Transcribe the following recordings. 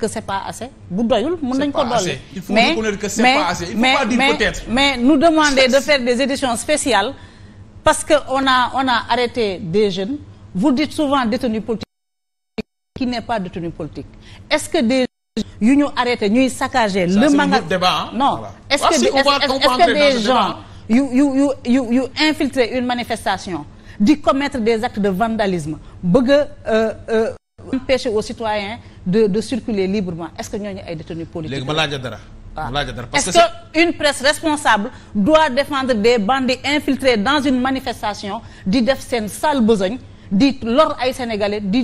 que c'est pas assez bu doyul mën nañ ko dolli il faut reconnaître que pas assez il mais nous demander de faire des éditions spéciales parce que on a on a arrêté des jeunes vous dites souvent détenu politique qui n'est pas détenu politique est-ce que des yu ñu arrêté ñuy saccager le magasin débat non voilà. Ah, que des gens yu yu yu yu yu infiltrer une manifestation di commettre des actes de vandalisme bëgg a euh, euh, empêcher aux citoyens de de circuler librement est-ce que ñooñu ay détenus politiques léegi ma laaj dara ah. ma laaj dara est que une presse responsable doit défendre des bandits infiltrés dans une manifestation di def seen sale besogne di lor ay sénégalais di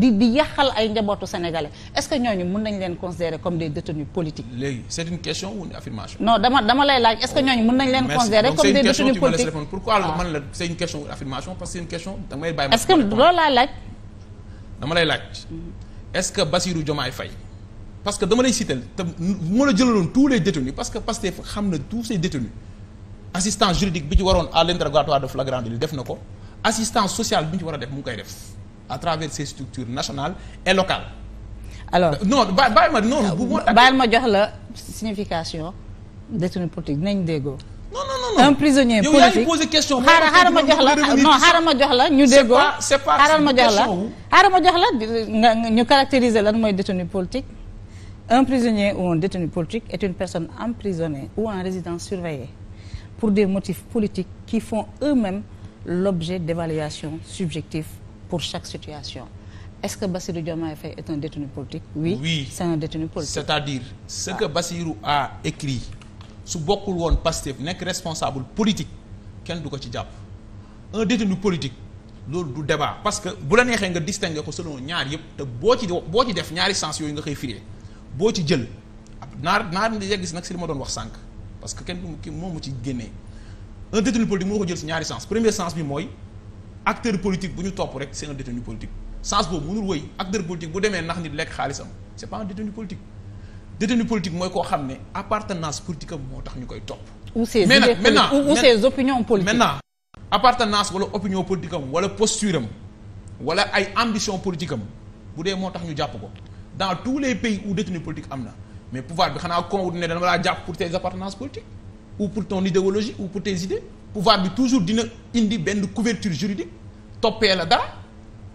di di yàqal ay njabootu sénégalais est-ce que ñooñu mën nañ leen considérer comme des détenus politiques. léegi c'est une question ou une affirmation. non dama dama lay laaj est que ñooñu mën nañ leen. considérer comme des détenus politiques ah. la est-ce que Bassirou Diomaye Faye parce que dama lay citer te moo la jëlaloon tous les détenus parce que Pastef xam na tous ces détenus assistance juridique bi ci waroon à l'interrogatoire de flagrant délit def na ko assistance sociale bi ñu ci war a def mu ngi koy def à travers ces structures nationales et locales. alors euh, ba bàyyi ma non. Euh, bu ma jox la signification détenu politique dinañ déggoo. un prisonnier politique yow yaa ngi posé question. xaaral jox la non xaaral ma jox la ñu déggoo. c'est jox la xaaral ma jox la ñu caractériser lan mooy détenu politique. un prisonnier ou un détenu politique est une personne emprisonnée ou en résidence surveillée pour des motifs politiques qui font eux-mêmes l'objet d'évaluations subjectif pour chaque situation. Est-ce que Bassirou Diomaye Faye est un détenu politique? Oui, oui c'est un détenu politique. C'est-à-dire ce que ah. Bassirou a écrit su bokkul woon Pastef nekk responsable politique kenn du ko ci jàpp un détenu politique loolu du débat parce que bu la neexee nga distinguer ko selon ñaar yëpp te boo ci boo ci def ñaari sens yooyu nga koy firee boo ci jël naar naar nga gis nag si li ma doon wax sànq parce que kenn ki moom mu ci génnee un détenu politique moo ko jël si ñaari sens premier sens bi mooy acteur politique bu ñu topp rek c'est un détenu politique sens boobu mënul wëy acteur politique bu demee nax lekk xaalisam c'est pas un détenu politique mooy koo xam ne appartenance politique am moo tax ñu koy topp. ou ses idées politiques ou ses opinions politiques. maintenant appartenance wala opinion politique am wala posture ay ambition politique am bu dee moo tax ñu jàpp ko dans tous les pays où détenu politique am na mais pouvoir bi xanaa coordonné dana laa jàpp pour tes appartenances politiques ou pour ton idéologie ou pour tes idées pouvoir bi toujours dina indi benn couverture juridique toppee la dara.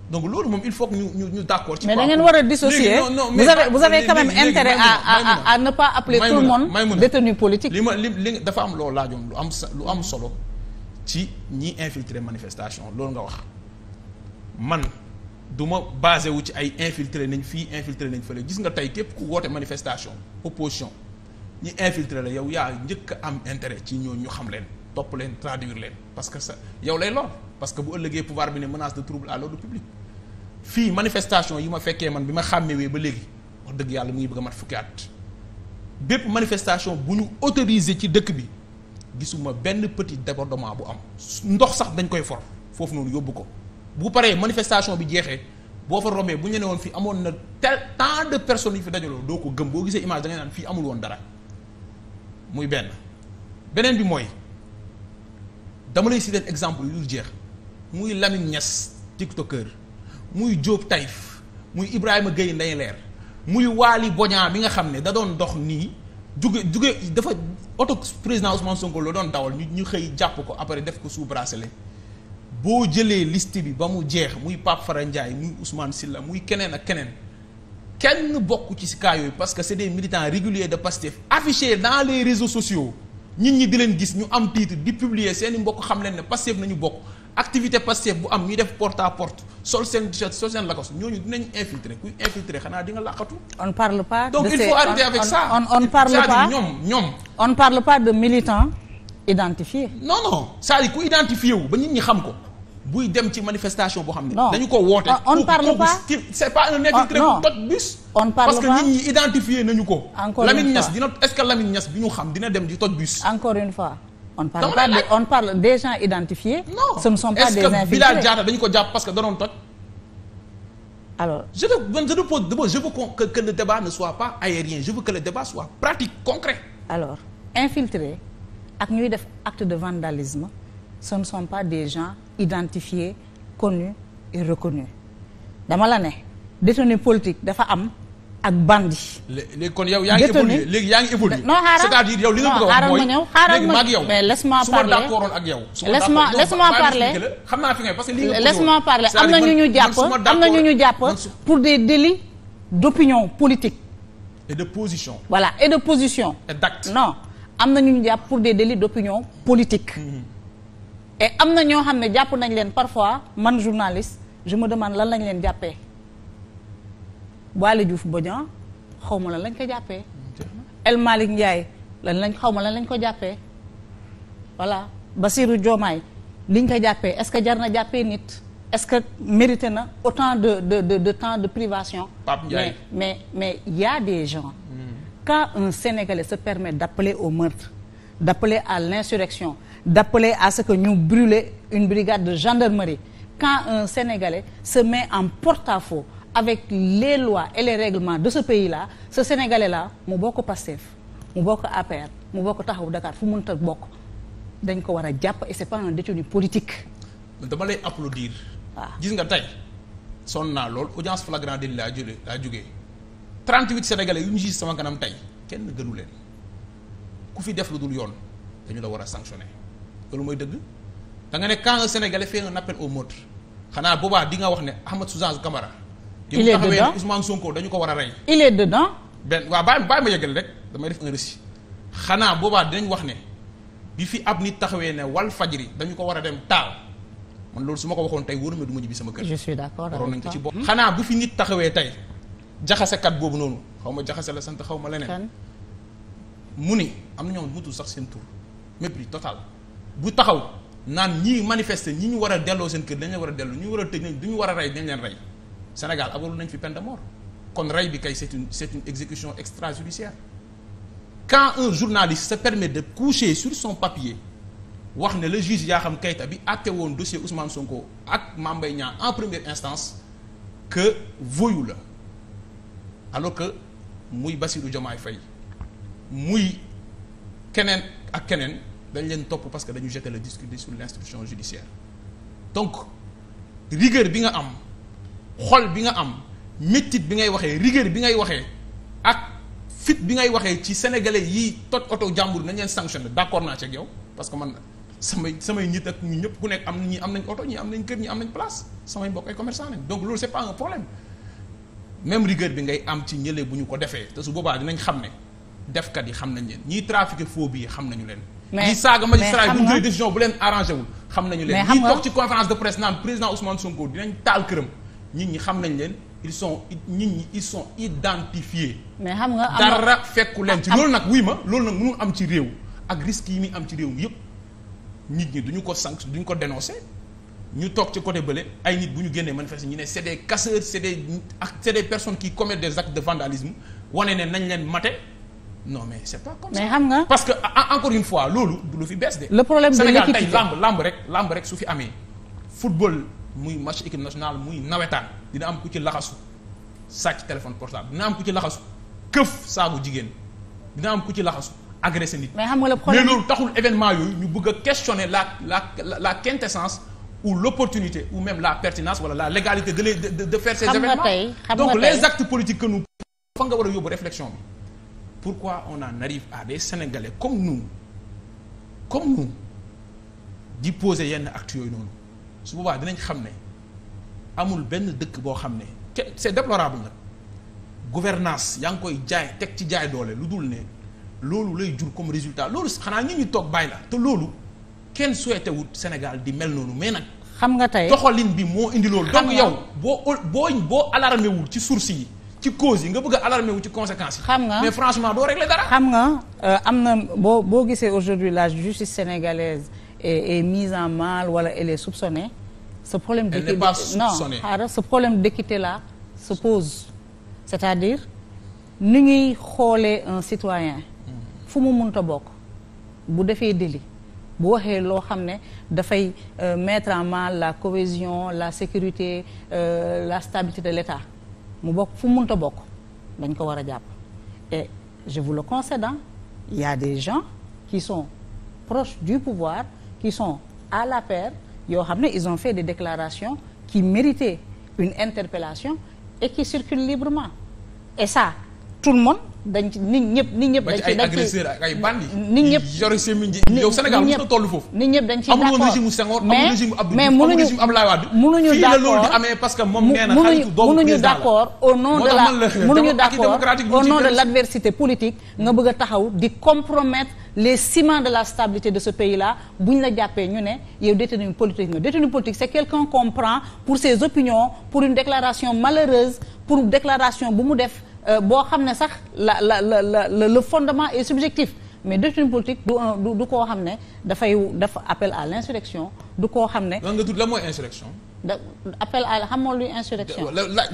donc loolu moom il faut ñu ñu ñu d' accord. ci mais da ngeen war a dissocier non non mais vous avez vous avez quand même intérêt à à à ne pas appeler tout le monde détenu politique. li ma li li dafa am loolu laajoon lu am lu am solo ci ñi infiltrer manifestation loolu nga wax man duma ma basé wu ci ay infiltrer nañ fii infiltrer nañ fële gis nga tey képp ku woote manifestation opposition ñi infiltrer la yow yaa njëkk am intérêt ci ñooñu ñu xam leen. topp leen traduire leen parce que sa yow lay lor parce que bu ëllëgee pouvoir bi ne menace de trouble à l'ordre public fii manifestation yi ma fekkee man bi ma xàmmee wee ba léegi wax dëgg yàlla mu ngi bëgg a mat fukki at bépp manifestation bu ñu autorisé ci dëkk bi gisuma benn petit débordement bu am ndox sax dañ koy for foofu noonu yóbbu ko bu paree manifestation bi jeexee boo fa rombee bu ñu ne woon fii amoon na tel temps de personnes yi fi dajaloo doo ko gëm boo gisee image da ngay naan fii dara muy benn beneen bi mooy dama lay citer exemple yu dul jeex muy Lamine Niass tiktoker muy Diop Taïf muy Ibrahima Gueye Ndeye Leer muy Waly Boña bi nga xam ne da doon dox nii juge juge dafa oto président Ousmane Sonko la doon dawal ñu ñu xëy jàpp ko après def ko sous bracelet boo jëlee list bi ba mu jeex muy Pape Fara Ndiaye muy Ousmane Silla muy keneen ak keneen kenn bokk ci cas yooyu parce que c'est des militants réguliers de Pastef affichés dans les réseaux sociaux nit ñi di leen gis ñu am titre di publier seen i mbokk xam leen ne Pastef nañu bokk activité Pastef bu am ñu def porte à porte sol seen t-shirt sol seen lacoste ñooñu dinañ infiltrer kuy infiltrer xanaa di nga làqatu. on parle pas il faut arrêter avec on, ça. on ñoom ñoom. on parle pas de militants identifiés. non non cest ku identifié wu ba nit ñi xam ko. buy dem ci manifestation boo xam ne. dañu ko woote. Ah, ah, on parle pas on parle pas parce que nit ñi identifié nañu ko. encore une fois Lamine dina est-ce que Lamine ñu xam dina dem di toj bus. encore une fois. on parle pas de on parle des gens identifiés. non ce pas des infiltrés dañu ko jàpp parce que da toj. alors je te man je te pose d'abord je veux que que le ne soit pas aérien je veux que le débat soit pratique concret. alors infiltré ak ñuy def acte de vandalisme. ce ne sont pas des gens identifiés connus et reconnus dama la ne détenu politique dafa am ak bandi. léegi kon yow yaa ngi évolué léegi yaa ngi évolué. non xaaral c'est-à-dire li nga bëgg ma ak yow. mais laisse-moi parler su ma d'accordoon ak yow. ma xam naa fi nga parce que am na ñu ñu jàpp am na ñu ñu jàpp pour des délits d'opinion politique. et de position. voilà et position. et d'acte non am na ñu ñu jàpp pour des délits d'opinion politique. Mm-hmm. am na ñoo xam ne jàpp nañ leen parfois man journaliste je me demande lan lañ leen jàppee Waly Diouf Bodian xaw ma lan lañ ko jàppee El Malick Ndiaye lan lañ xaw ma lan lañ ko jàppee voilà Bassirou Diomaye liñ ko jàppee est-ce que jar na jàppee nit est-ce que mérité na autant de de de de temps de privation Pape mais mais mais y a des gens mm. quand un Sénégalais se permet d'appeler au meurtre d'appeler à l'insurrection d'appeler à ce que ñu brûler une brigade de gendarmerie quand un Sénégalais se met en porte-à-faux avec les lois et les règlements de ce pays-là ce Sénégalais-là mu bokk Pastef mu bokk APR mu bokk Taxawu Dakar fu mënta bokk dañ ko war a jàpp et c'est pas un détenu politique dama lay applaudir waaw ah. gis nga tey sonn naa lool audience flagrant délit laa jóge laa jógee 38 sénégalais yu ñu gis sama kanam tey kenn gënu ku fi def lu dul yoon dañu la war a sanctionner loolu mooy dëgg da nga ne quand un sénégalais fait un appel au meurtre xanaa boobaa di nga wax ne Ahmed Suzanne Camara. il est dedans Ousmane Sonko dañu ko war a rey. il est dedans. benn waaw bàyyi bàyyi ma yëgal rek damay def un récit xanaa boobaa dinañ wax ne bi fi ab nit taxawee ne wal fajiri dañu ko war a dem taal man loolu su ma ko waxoon tey wóor duma du ma ñibbi sama kër. je suis d'accord waroon nañ ko xanaa bu fi nit taxawee tey jaxasekat boobu noonu xaw ma jaxase la sant xaw ma leneen. mu ni am na ñoom sax seen tur mépris total. bu taxaw naan ñii manifester ñi ñu war a delloo seen kër dañ leen war a delloo ñu war a tëj nañ du ñu war a rey dañ leen rey Sénégal abalu nañ fi peine de mort kon rey bi kay c'est une c'est une exécution extrajudiciaire quand un journaliste se permet de coucher sur son papier wax ne le yaa xam Keïta bi àtte woon dossier Ousmane Sonko ak Mame Mbaye Niang en première instance que voyou la alors que muy Bassirou Diomaye fay muy keneen ak keneen dañu leen topp parce que dañu jeter le disque sur l'institution judiciaire donc rigueur bi nga am xol bi nga am métit bi ngay waxee rigueur bi ngay waxee ak fit bi ngay waxee ci sénégalais yi toj oto jàmbur nañ leen sanctionné d'accord naa ci ak yow parce que man samay samay nit ak ñu ñëpp ku nekk am ñi am nañ oto ñi am nañ kër ñi am nañ place samay mbokk ay commerçant nañ donc loolu c'est pas un problème même rigueur bi ngay am ci ñële bu ñu ko defee te boobaa dinañ xam ne defkat yi xam nañ leen ñiy trafiqué faux bi xam nañu leen mais di saaga magistrat yi duñ jël décision bu leen arrangé xam nañu leen ñi toog ci conférence de presse naan président Ousmane Sonko dinañ taal këram nit ñi xam nañ leen ils sont nit ñi ils sont mais xam nga dara fekku leen ci loolu nag wuy ma loolu nag mënul am ci réew ak risques yi muy am ci réew mi yëpp nit ñi ñu ko sànq ñu ko dénoncé ñu toog ci côté bële ay nit bu ñu génnee manifeste ñu ne c'est des casseurs c'est des ak c'est des personnes qui commettent des de vandalisme ne nañ leen mate. non mais c'est pas comme mais ça. xam que encore une fois loolu du lu fi bees de. le Sénégal tey lamb lamb rek lamb rek su fi amee football muy match équipe nationale muy nawetaan dina am ku ci laxasu sàcc téléphone portable dina am ku ci laxasu këf saabu jigéen dina am ku ci laxasu agressé nit. mais xam nga le problème taxul événement yooyu ñu bëgg a questionner la la la la quintessence ou l'opportunité ou même la pertinence wala la légalité de les de de faire ces nga war a yóbbu bi. pourquoi on en arrive à des Sénégalais comme nous comme nous di poser yenn actes yooyu noonu su boobaa dinañ xam ne amul benn dëkk boo xam ne c'est déplorable nag gouvernance yaa ngi koy jaay teg ci jaay doole lu dul ne loolu lay jur comme résultat loolu xanaa ñu ñu toog baay la te loolu kenn souhaité wut Sénégal di mel noonu mais nag. xam nga tey doxalin bi moo indi loolu. donc yow boo boo boo alarmé wul ci source yi. ci cause yi nga bëgg a wu ci conséquences xam nga mais franchement doo régler xam nga euh, am na boo boo gisee aujourd'hui la justice sénégalaise est, est mise en mal wala elle est soupçonnée ce problème. de elle n'est pas soupçonnée non ce problème d'équité là se pose c'est-à-dire ni ñuy xoolee un citoyen fu mu mënta bokk bu defee délit bu waxee loo xam ne dafay euh, mettre en mal la cohésion la sécurité euh, la stabilité de l'État. mu bokk fu mu mënta bokk dañ ko war a jàpp et je vous le concède il des gens qui son proches du pouvoir qui sont à la paire yoo xam ne ils ont fait des déclarations qui méritaient une interpellation et qui circulent librement et ça tout le monde dañ ci nit ñëpp nit ñëpp. dañ ci ay agresseur ak ñëpp yore semis ji. yow Sénégal mos na toll foofu. nit ñëpp dañ ciy d'accord munuñu fii parce que moom nee na xaritu doomu président la au nom de la munuñu d'accord politique nga bëgg a taxaw di compromettre les ciments de la stabilité de ce pays-là bu ñu la jàppee ñu ne yow détenu politique nga détenu politique c'est quelqu'un qu'on prend pour ses opinions pour une déclaration malheureuse pour déclaration bu mu def Euh, boo xam ne sax la la la la le fondement et subjectif mais doctrine politique du euh, du du koo xam ne dafay dafa appel à l'insurrection du koo xam ne. lan nga tudd la mooy insurrection. da appel à xamoo luy insurrection.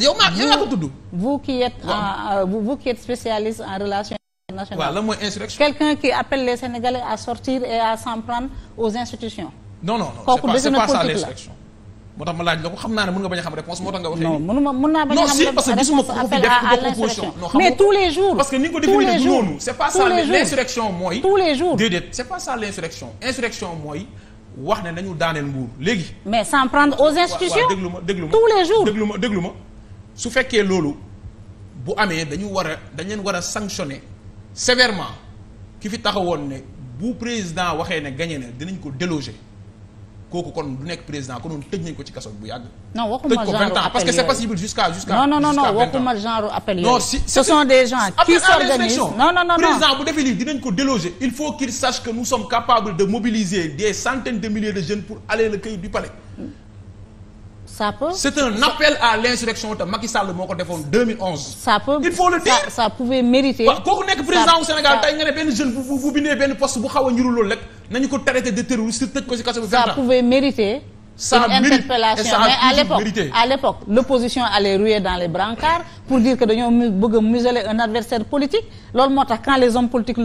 yow maa yow yaa ko tudd. vous qui êtes en euh, spécialiste en relation. internationale waaw lan mooy insurrection. quelqu'un qui appelle les Sénégalais à sortir et à s'en prendre aux institutions. non non c'est pas, c'est pas ça l'insurrection. moo tax ma laaj la ko xam naa ne mën nga bañ a xam réponse moo tax nga waxee. non mënuma mën naa bañ a xam non si parce que gisuma ko fi def ko opposition. non xam mais tous les jours. parce que ni nga ko définir du noonu. c'est pas ça l'insurrection mooy. tous les jours déedéet c'est pas ça l'insurrection. insurrection mooy wax ne nañu daaneel nguur léegi. mais sans prendre aux institutions. déglu ma déglu ma tous les jours déglu ma déglu ma su fekkee loolu bu amee dañu war a dañ leen war a sanctionner sévèrement ki fi taxawoon ne bu président waxee ne gagné na dinañ ko déloger. kooko kon du nekk président konoon tëj nañ ko ci kaso bu yàgg. non waxuma genre tëj appel yooyu. non si ce sont des gens qui s'organisent non non non président bu defee lii dinañ ko déloger il faut qu'il sache que nous sommes capables de mobiliser des centaines de milliers de jeunes pour aller le cueillir du palais. sa peut c'est un appel à l'insurrection te Macky Sall moo ko defoon 2011. ça peut il faut le dire ça ça pouvait mériter. président wu Sénégal tey nga benn jeune bu benn poste bu xaw a njuru loolu rek nañu ko traité de terroriste tëj ko si kaso bi. mériter. ça une mais à l'époque à l'époque l'opposition allait ruer dans les brancards pour dire que dañoo bëgg a museler un adversaire politique loolu moo tax les hommes politiques